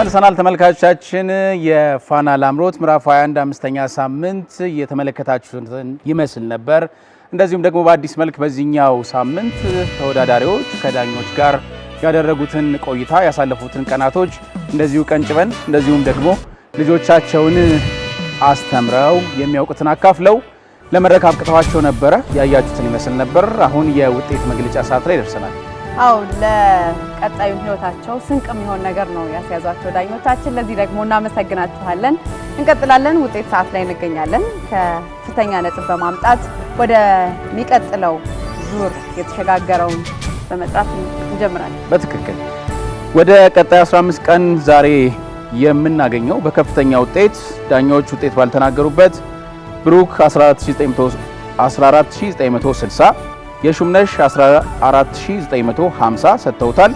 ተመልሰናል ተመልካቾቻችን። የፋና ላምሮት ምዕራፍ 21 አምስተኛ ሳምንት እየተመለከታችሁትን ይመስል ነበር። እንደዚሁም ደግሞ በአዲስ መልክ በዚህኛው ሳምንት ተወዳዳሪዎች ከዳኞች ጋር ያደረጉትን ቆይታ ያሳለፉትን ቀናቶች እንደዚሁ ቀንጭበን እንደዚሁም ደግሞ ልጆቻቸውን አስተምረው የሚያውቁትን አካፍለው ለመድረክ አብቅተዋቸው ነበረ። ያያችሁትን ይመስል ነበር። አሁን የውጤት መግለጫ ሰዓት ላይ ደርሰናል። አዎ ለቀጣዩ ህይወታቸው ስንቅ የሚሆን ነገር ነው ያስያዟቸው ዳኞቻችን። ለዚህ ደግሞ እናመሰግናችኋለን። እንቀጥላለን። ውጤት ሰዓት ላይ እንገኛለን። ከፍተኛ ነጥብ በማምጣት ወደሚቀጥለው ዙር የተሸጋገረውን በመጥራት እንጀምራለን። በትክክል ወደ ቀጣይ 15 ቀን ዛሬ የምናገኘው በከፍተኛ ውጤት ዳኞች ውጤት ባልተናገሩበት ብሩክ 14960 የሹምነሽ 14950 ሰጥተውታል።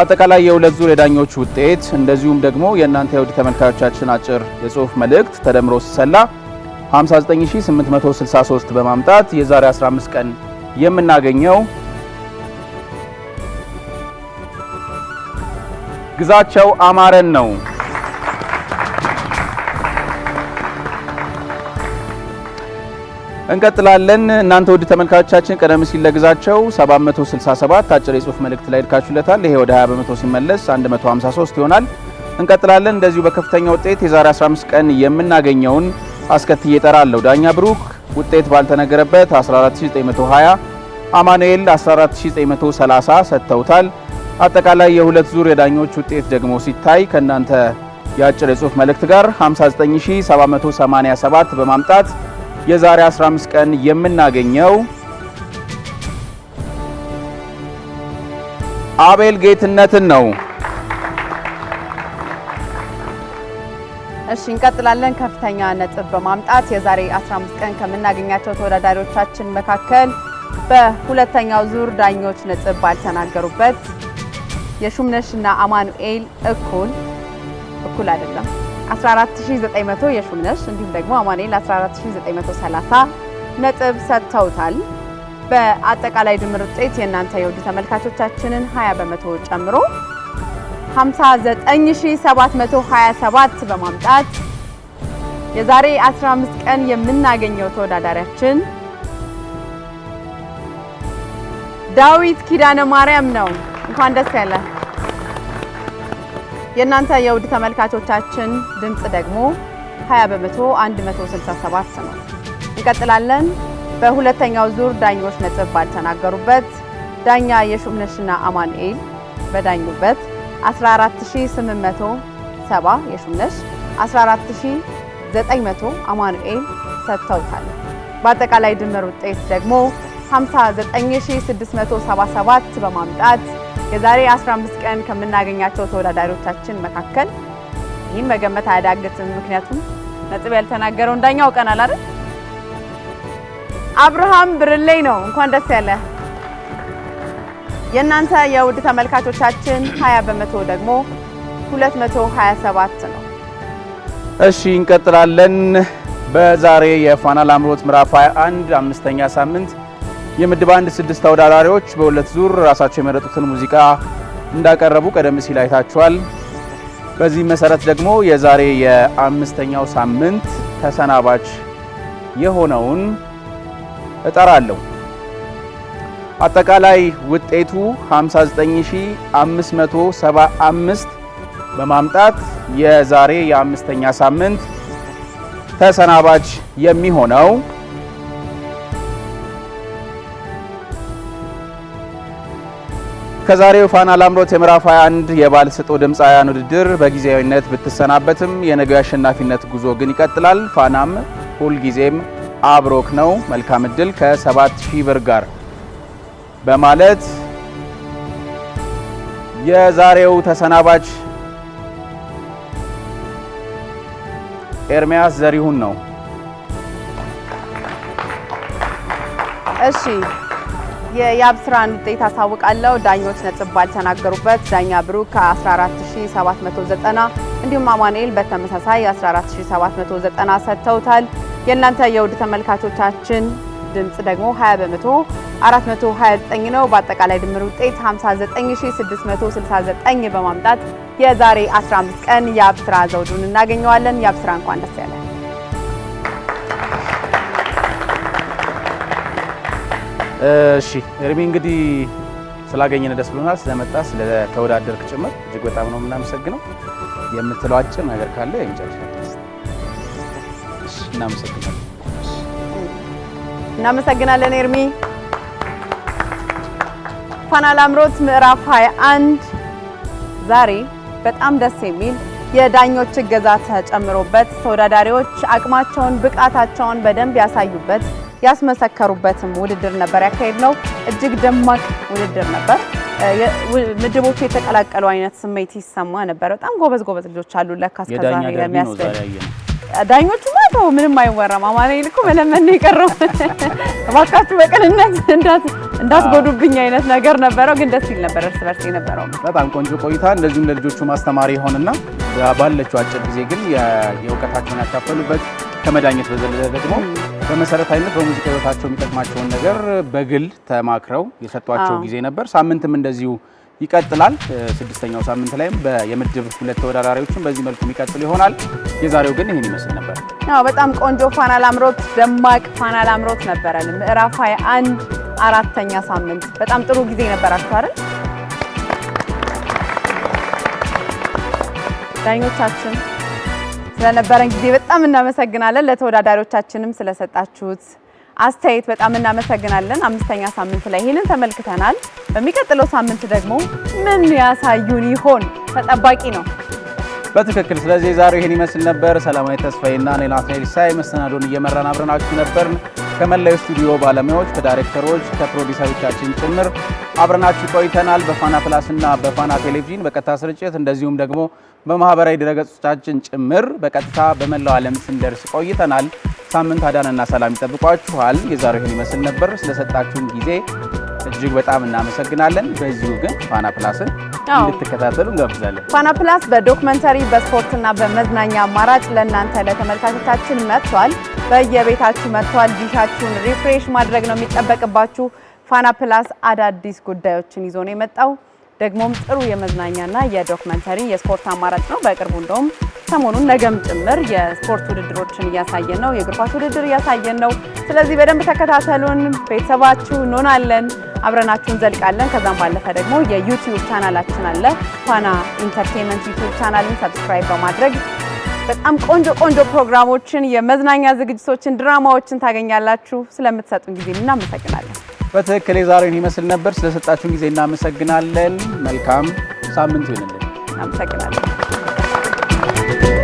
አጠቃላይ የሁለት ዙር የዳኞች ውጤት እንደዚሁም ደግሞ የእናንተ የውድ ተመልካዮቻችን አጭር የጽሁፍ መልእክት ተደምሮ ሲሰላ 59863 በማምጣት የዛሬ 15 ቀን የምናገኘው ግዛቸው አማረን ነው። እንቀጥላለን። እናንተ ውድ ተመልካቾቻችን ቀደም ሲል ለግዛቸው 767 አጭር የጽሁፍ መልእክት ላይ ልካችሁለታል። ይሄ ወደ 20 በመቶ ሲመለስ 153 ይሆናል። እንቀጥላለን። እንደዚሁ በከፍተኛ ውጤት የዛሬ 15 ቀን የምናገኘውን አስከትዬ እጠራለሁ። ዳኛ ብሩክ ውጤት ባልተነገረበት 14920 አማኑኤል 14930 ሰጥተውታል። አጠቃላይ የሁለት ዙር የዳኞች ውጤት ደግሞ ሲታይ ከእናንተ የአጭር የጽሁፍ መልእክት ጋር 59787 በማምጣት የዛሬ 15 ቀን የምናገኘው አቤል ጌትነትን ነው። እሺ እንቀጥላለን። ከፍተኛ ነጥብ በማምጣት የዛሬ 15 ቀን ከምናገኛቸው ተወዳዳሪዎቻችን መካከል በሁለተኛው ዙር ዳኞች ነጥብ ባልተናገሩበት የሹምነሽና አማኑኤል እኩል እኩል አይደለም 14900 የሹምነሽ እንዲሁም ደግሞ አማኑኤል 14930 ነጥብ ሰጥተውታል። በአጠቃላይ ድምር ውጤት የእናንተ የውድ ተመልካቾቻችንን 20 በመቶ ጨምሮ 59727 በማምጣት የዛሬ 15 ቀን የምናገኘው ተወዳዳሪያችን ዳዊት ኪዳነ ማርያም ነው። እንኳን ደስ ያለ የእናንተ የውድ ተመልካቾቻችን ድምፅ ደግሞ 20 በመቶ 167 ነው። እንቀጥላለን። በሁለተኛው ዙር ዳኞች ነጥብ ባልተናገሩበት ዳኛ የሹምነሽና አማኑኤል በዳኙበት 14870 የሹምነሽ 14900 አማኑኤል ሰጥተውታል። በአጠቃላይ ድምር ውጤት ደግሞ 59677 በማምጣት የዛሬ 15 ቀን ከምናገኛቸው ተወዳዳሪዎቻችን መካከል ይህን መገመት አያዳግትም። ምክንያቱም ነጥብ ያልተናገረው እንዳኛው ቀን አላለ። አብርሃም ብርሌይ ነው። እንኳን ደስ ያለ። የእናንተ የውድ ተመልካቾቻችን 20 በመቶ ደግሞ 227 ነው። እሺ እንቀጥላለን። በዛሬ የፋና ላምሮት ምዕራፍ 21 አምስተኛ ሳምንት የምድብ አንድ ስድስት ተወዳዳሪዎች በሁለት ዙር ራሳቸው የመረጡትን ሙዚቃ እንዳቀረቡ ቀደም ሲል አይታችኋል። በዚህ መሰረት ደግሞ የዛሬ የአምስተኛው ሳምንት ተሰናባች የሆነውን እጠራለሁ። አጠቃላይ ውጤቱ 59575 በማምጣት የዛሬ የአምስተኛ ሳምንት ተሰናባች የሚሆነው ከዛሬው ፋና ላምሮት የምዕራፍ 21 የባለ ስጡ ድምፃውያን ውድድር በጊዜያዊነት ብትሰናበትም የነገው አሸናፊነት ጉዞ ግን ይቀጥላል። ፋናም ሁልጊዜም አብሮክ ነው። መልካም እድል ከ7000 ብር ጋር በማለት የዛሬው ተሰናባች ኤርሚያስ ዘሪሁን ነው። እሺ የያብ ስራን ውጤት አሳውቃለሁ። ዳኞች ነጥብ ባልተናገሩበት ዳኛ ብሩክ ከ14790 እንዲሁም አማኑኤል በተመሳሳይ 14790 ሰጥተውታል። የእናንተ የውድ ተመልካቾቻችን ድምጽ ደግሞ 20 በመቶ 429 ነው። በአጠቃላይ ድምር ውጤት 59669 በማምጣት የዛሬ 15 ቀን የአብስራ ዘውዱን እናገኘዋለን። የአብስራ እንኳን ደስ ያለ እሺ ኤርሚ እንግዲህ ስላገኘን ደስ ብሎናል። ስለመጣ ስለተወዳደርክ ጭምር እጅግ በጣም ነው የምናመሰግነው። የምትለው አጭር ነገር ካለ የመጨረሻ እናመሰግናለን። እናመሰግናለን ኤርሚ። ፋና ላምሮት ምዕራፍ 21 ዛሬ በጣም ደስ የሚል የዳኞች እገዛ ተጨምሮበት ተወዳዳሪዎች አቅማቸውን ብቃታቸውን በደንብ ያሳዩበት ያስመሰከሩበትም ውድድር ነበር ያካሄድ ነው። እጅግ ደማቅ ውድድር ነበር። ምድቦቹ የተቀላቀሉ አይነት ስሜት ይሰማ ነበር። በጣም ጎበዝ ጎበዝ ልጆች አሉ ለካ ከዛ የሚያስገኝ ዳኞቹ ማተው ምንም አይወራም። አማላይ ልኩ መለመን ነው የቀረው። እባካችሁ በቅንነት እንዳትጎዱብኝ አይነት ነገር ነበረው፣ ግን ደስ ይል ነበር እርስ በርስ የነበረው በጣም ቆንጆ ቆይታ። እንደዚሁም ለልጆቹ ማስተማሪ ይሆንና ባለችው አጭር ጊዜ ግን የእውቀታቸውን ያካፈሉበት ከመዳኘት በዘለለ ደግሞ በመሰረታዊነት በሙዚቃ ህይወታቸው የሚጠቅማቸውን ነገር በግል ተማክረው የሰጧቸው ጊዜ ነበር። ሳምንትም እንደዚሁ ይቀጥላል። ስድስተኛው ሳምንት ላይም የምድብ ሁለት ተወዳዳሪዎችን በዚህ መልኩ የሚቀጥሉ ይሆናል። የዛሬው ግን ይህን ይመስል ነበር። በጣም ቆንጆ ፋና ላምሮት፣ ደማቅ ፋና ላምሮት ነበረን። ምዕራፍ 21 አራተኛ ሳምንት በጣም ጥሩ ጊዜ ነበራችሁ አይደል? ዳኞቻችን ስለነበረን ጊዜ በጣም እናመሰግናለን። ለተወዳዳሪዎቻችንም ስለሰጣችሁት አስተያየት በጣም እናመሰግናለን። አምስተኛ ሳምንት ላይ ይህንን ተመልክተናል። በሚቀጥለው ሳምንት ደግሞ ምን ያሳዩን ይሆን? ተጠባቂ ነው በትክክል። ስለዚህ ዛሬ ይህን ይመስል ነበር። ሰላማዊ ተስፋዬና እኔ ሳይ መሰናዶን እየመራን አብረናችሁ ነበር። ከመላው ስቱዲዮ ባለሙያዎች፣ ከዳይሬክተሮች፣ ከፕሮዲሰሮቻችን ጭምር አብረናችሁ ቆይተናል። በፋና ፕላስና በፋና ቴሌቪዥን በቀጥታ ስርጭት እንደዚሁም ደግሞ በማህበራዊ ድረገጾቻችን ጭምር በቀጥታ በመላው ዓለም ስንደርስ ቆይተናል። ሳምንት አዳንና ሰላም ይጠብቋችኋል። የዛሬው ይህን ይመስል ነበር። ስለሰጣችሁን ጊዜ እጅግ በጣም እናመሰግናለን። በዚሁ ግን ፋና ፕላስን እንድትከታተሉ እንጋብዛለን። ፋና ፕላስ በዶክመንተሪ በስፖርትና በመዝናኛ አማራጭ ለእናንተ ለተመልካቾቻችን መጥቷል። በየቤታችሁ መጥቷል። ዲሻችሁን ሪፍሬሽ ማድረግ ነው የሚጠበቅባችሁ። ፋና ፕላስ አዳዲስ ጉዳዮችን ይዞ ነው የመጣው። ደግሞም ጥሩ የመዝናኛና የዶክመንተሪ የስፖርት አማራጭ ነው። በቅርቡ እንደውም ሰሞኑን ነገም ጭምር የስፖርት ውድድሮችን እያሳየን ነው። የእግር ኳስ ውድድር እያሳየን ነው። ስለዚህ በደንብ ተከታተሉን። ቤተሰባችሁ እንሆናለን፣ አብረናችሁ እንዘልቃለን። ከዛም ባለፈ ደግሞ የዩቲዩብ ቻናላችን አለ። ፋና ኢንተርቴንመንት ዩቲዩብ ቻናልን ሰብስክራይብ በማድረግ በጣም ቆንጆ ቆንጆ ፕሮግራሞችን፣ የመዝናኛ ዝግጅቶችን፣ ድራማዎችን ታገኛላችሁ። ስለምትሰጡን ጊዜ እናመሰግናለን። በትክክል የዛሬውን ይመስል ነበር። ስለሰጣችሁን ጊዜ እናመሰግናለን። መልካም ሳምንት ይሁንልን። እናመሰግናለን።